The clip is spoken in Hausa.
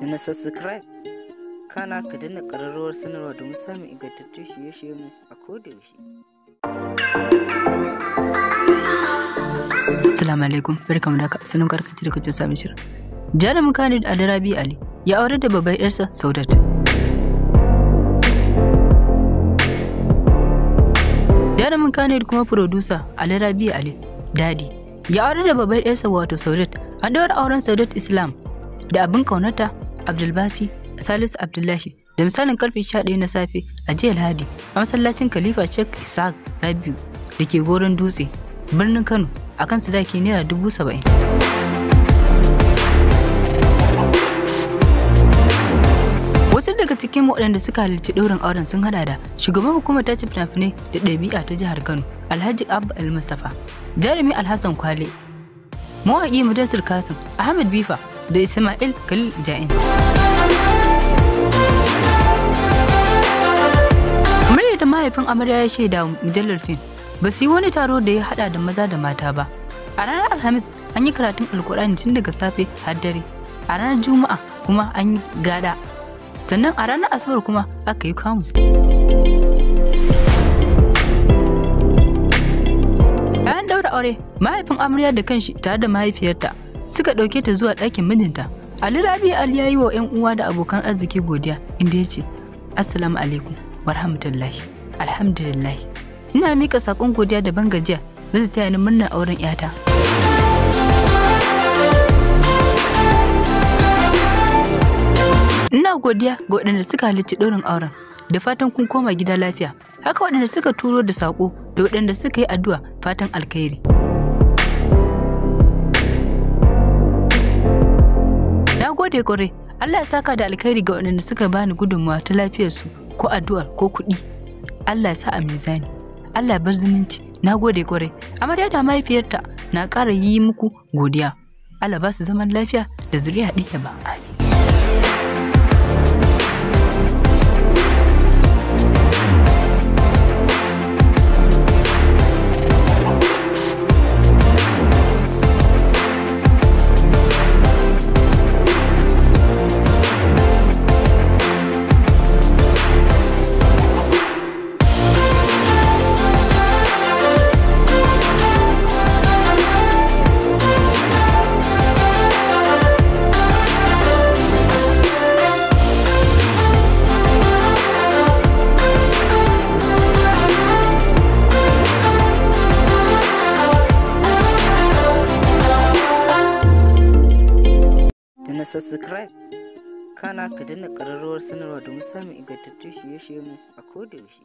da na subscribe kana ka dana kararrawar sanarwa domin samun ingantattun shirye-shirye mu a kodayaushe. Assalamu alaikum, barkamu da haka sanin karkaci da kacin sami shirin. Jarumin Khalid Adarabi Ali ya aure da babban yarsa Saudat. Jarumin Khalid kuma furodusa Adarabi Ali Dadi ya aure da babban yarsa wato Saudat an daura auren Saudat Islam da abin kaunata Abdulbasi, Salisu Abdullahi, da misalin karfe 11 na safe a jiya Lahadi a masallacin Khalifa Sheikh Isaac Rabiu da ke goron dutse, birnin Kano, akan sadaki naira dubu saba'in. wasu daga cikin waɗanda suka halarci ɗaurin auren sun haɗa da shugaban hukumar tace fina-finai da ɗabi'a ta jihar kano alhaji abba al-mustapha jarumi alhassan kwale mawaƙi mudassir kasim ahmed bifa da Ismail kalil Ja'in. Kamar yadda mahaifin amarya ya shaida mujallar fim, ba su yi wani taro da ya hada da maza da mata ba. A ranar Alhamis an yi karatun Alkur'ani tun daga safe har dare. A ranar Juma'a kuma an yi gada. Sannan a ranar Asabar kuma aka yi kamu. Bayan ɗaura aure, mahaifin amarya da kanshi tare da mahaifiyarta suka ɗauke ta zuwa ɗakin mijinta. Ali Rabi Ali ya yi wa 'yan uwa da abokan arziki godiya inda ya ce, Assalamu alaikum wa rahmatullahi, alhamdulillahi. Ina mika saƙon godiya da ban gajiya da ta yi ni murnar auren 'yata. Ina godiya ga waɗanda suka halarci ɗorin auren da fatan kun koma gida lafiya. Haka waɗanda suka turo da saƙo da waɗanda suka yi addu'a fatan alkhairi. gode kwarai Allah ya saka da alkhairi ga waɗanda suka bani gudunmawa ta lafiyarsu ko addu'a ko kuɗi Allah ya sa a mizani Allah ya bar zumunci na gode kwarai amarya da mahaifiyarta na ƙara yi muku godiya Allah ba su zaman lafiya da zuriya ɗaya ba amin na subscribe kana ka dana kararrawar sanarwa domin samun ingantattun shirye mu a kodayaushe